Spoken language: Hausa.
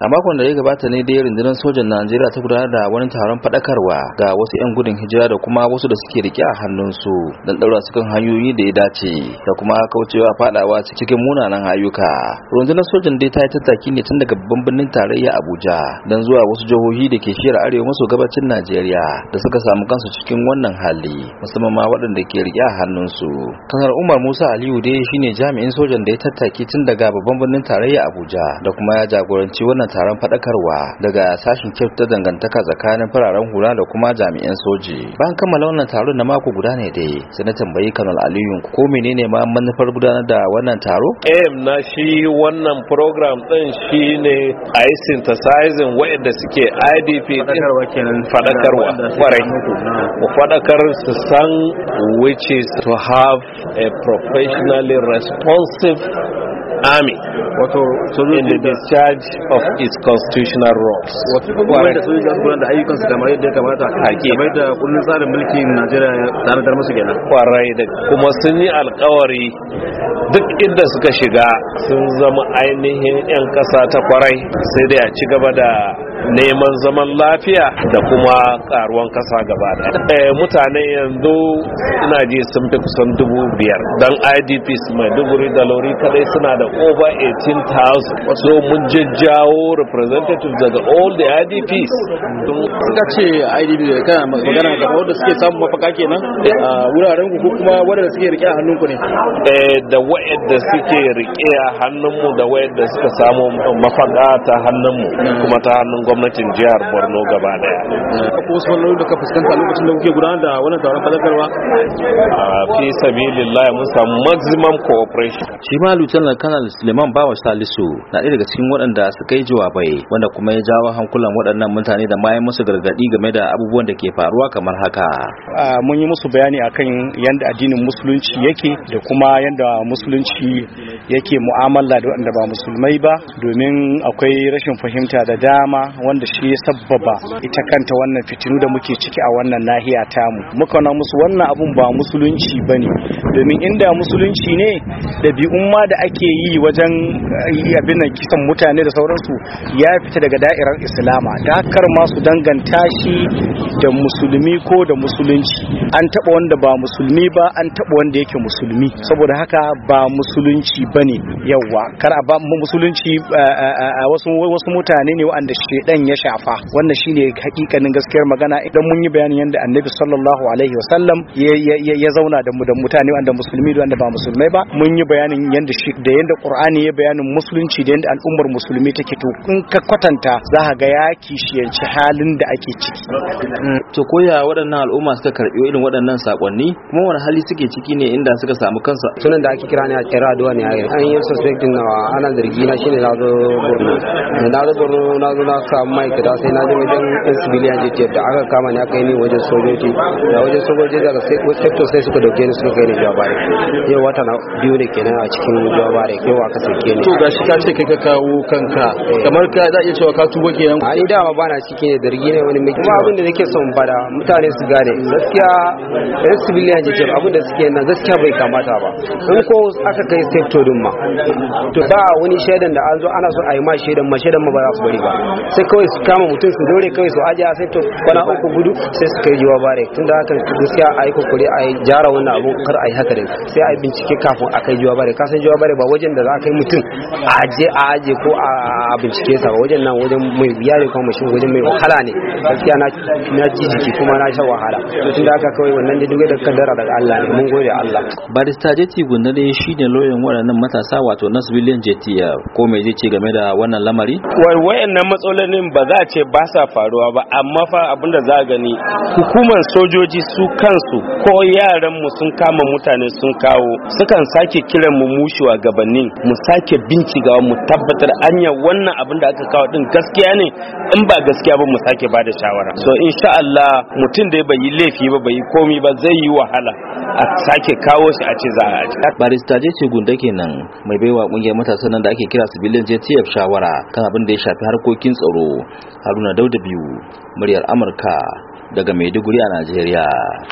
a makon da ya gabata ne dai rundunar sojan najeriya ta gudanar da wani taron fadakarwa ga wasu 'yan gudun hijira da kuma wasu da suke rike a hannunsu don daura su kan hanyoyi da ya dace da kuma kaucewa faɗawa cikin munanan ayyuka rundunar sojan dai ta yi tattaki ne tun daga babban birnin tarayya abuja don zuwa wasu jihohi da ke shiyar arewa maso gabacin najeriya da suka samu kansu cikin wannan hali musamman ma waɗanda ke rike a hannunsu kanar umar musa aliyu dai shine jami'in sojan da ya tattaki tun daga babban birnin tarayya abuja da kuma ya jagoranci wannan wannan taron fadakarwa daga sashen ta dangantaka tsakanin fararen hula da kuma jami'an soji bayan kammala wannan taron na mako guda ne dai sai na tambayi kanal aliyu ko menene ma manufar gudanar da wannan taro eh na shi wannan program din shine a yi synthesizing waɗanda suke idp din fadakarwa kwarai Fadakar faɗakar su san which is to have a professionally responsive army wato in the discharge of its constitutional roles wato kuma da sojoji za su gudanar kamar yadda kamata kamar da kullun tsarin mulkin Najeriya ya musu kenan kwarai da kuma sun yi alkawari duk inda suka shiga sun zama ainihin 'yan ƙasa ta kwarai sai dai a ci gaba da neman zaman lafiya da kuma karuwan kasa gaba da eh, mutane yanzu ina ji sun fi kusan dubu biyar don idps duburi da lori kadai suna da over 18,000 so mun jajjawo representative daga all the idps suka ce IDP da kana magana da wadda suke samun mafaka kenan eh. a wuraren ku kuma wadda suke rike a hannunku ne eh, da wadda suke rike a hannunmu da wadda suka samu mafaka ta hannunmu hmm. kuma ta hannun gwamnati gwamnatin jihar borno gaba daya ko wasu wani da ka fuskanta lokacin da kuke gudanar da wannan taron fadakarwa a fi lillahi mun samu maximum cooperation shi ma lieutenant colonel suleiman bawa salisu na ɗaya daga cikin waɗanda suka yi jawabai wanda kuma ya jawo hankulan waɗannan mutane da ma musu gargadi game da abubuwan da ke faruwa kamar haka mun yi musu bayani akan yadda addinin musulunci yake da kuma yadda musulunci yake mu'amala da waɗanda ba musulmai ba domin akwai rashin fahimta da dama wanda shi ya sabbaba ita kanta wannan fitinu da muke ciki a wannan nahiya tamu muka na musu wannan abun ba musulunci ba ne domin inda musulunci ne ɗabi'un ma da ake yi wajen eh, abin kisan mutane da sauransu ya fita daga da'irar islama da kar ma su danganta shi da musulmi ko da musulunci an taɓa wanda ba musulmi ba an taɓa wanda yake musulmi saboda haka ba musulunci ba ne yawa. kar a ba musulunci eh, eh, wasu mutane ne wa'anda dan ya shafa wannan shine hakikanin gaskiyar magana idan mun yi bayanin yadda annabi sallallahu alaihi wasallam ya zauna da mu da mutane wanda musulmi da wanda ba musulmai ba mun yi bayanin yadda shi da yadda qur'ani ya bayanin musulunci da yadda al'ummar musulmi take to in ka kwatanta za ka ga ya kishiyanci halin da ake ciki mm. to koya waɗannan al'umma suka karbi irin waɗannan sakonni kuma wani hali suke ciki ne inda suka samu kansa sunan da ake kira ne a kira duwa ne an yi suspecting na uh, ana zargi na shine na zo borno na zo borno na zo na ka samu ma'aikata sai na je wajen yan civilian jtf da aka kama ni aka yi ni wajen sojoji da wajen sojoji daga sector sai suka dauke ni suka kai ni jawa bare yau wata na biyu ne kenan a cikin jawa bare yau aka sake ni to gashi ka ce kai ka kawo kanka eh. kamar ka za iya cewa ka tuba kenan a ni ba na ciki ne da zargi ne wani mai kuma abin da nake son bada mutane su gane gaskiya yan civilian jtf abin da suke nan gaskiya bai kamata ba in ko aka kai sector din ma to ba wani shaidan da an zo ana so a yi ma shaidan ma shaidan ma ba za su bari ba sai kawai su kama mutum su dore kawai su ajiya sai to kwana uku gudu sai su kai jiwa bare tun da haka gaskiya a yi kokari a yi jara wannan abu kar a yi haka da sai a yi bincike kafin a kai jiwa bare kasan jiwa bare ba wajen da za a kai mutum a aje a aje ko a a bincike sa ba wajen nan wajen mai wuya ne kuma mashin wajen mai wahala ne gaskiya na ji jiki kuma na sha wahala tun tunda aka kawai wannan duk da kaddara daga Allah ne mun gode Allah barista jeti ne shine loyan waɗannan matasa wato na civilian jetiya ko me zai ce game da wannan lamari wayannan matsalolin ba za a ce ba sa faruwa ba amma fa abinda za a gani hukumar sojoji su kansu ko yaran mu sun kama mutane sun kawo sukan sake kiran mu mushuwa gabanin mu sake bincikawa mu tabbatar anya wannan abin da aka kawo din gaskiya ne in ba gaskiya ba mu sake ba da shawara so insha Allah mutum da ya yi laifi ba bai yi komi ba zai yi wahala a sake kawo shi a ce za a ji barista ce gunda kenan mai baiwa kungiyar matasa nan da ake kira civilian JTF shawara kan abin da ya shafi harkokin tsaro Haruna Dauda biyu muryar Amurka daga Maiduguri a Najeriya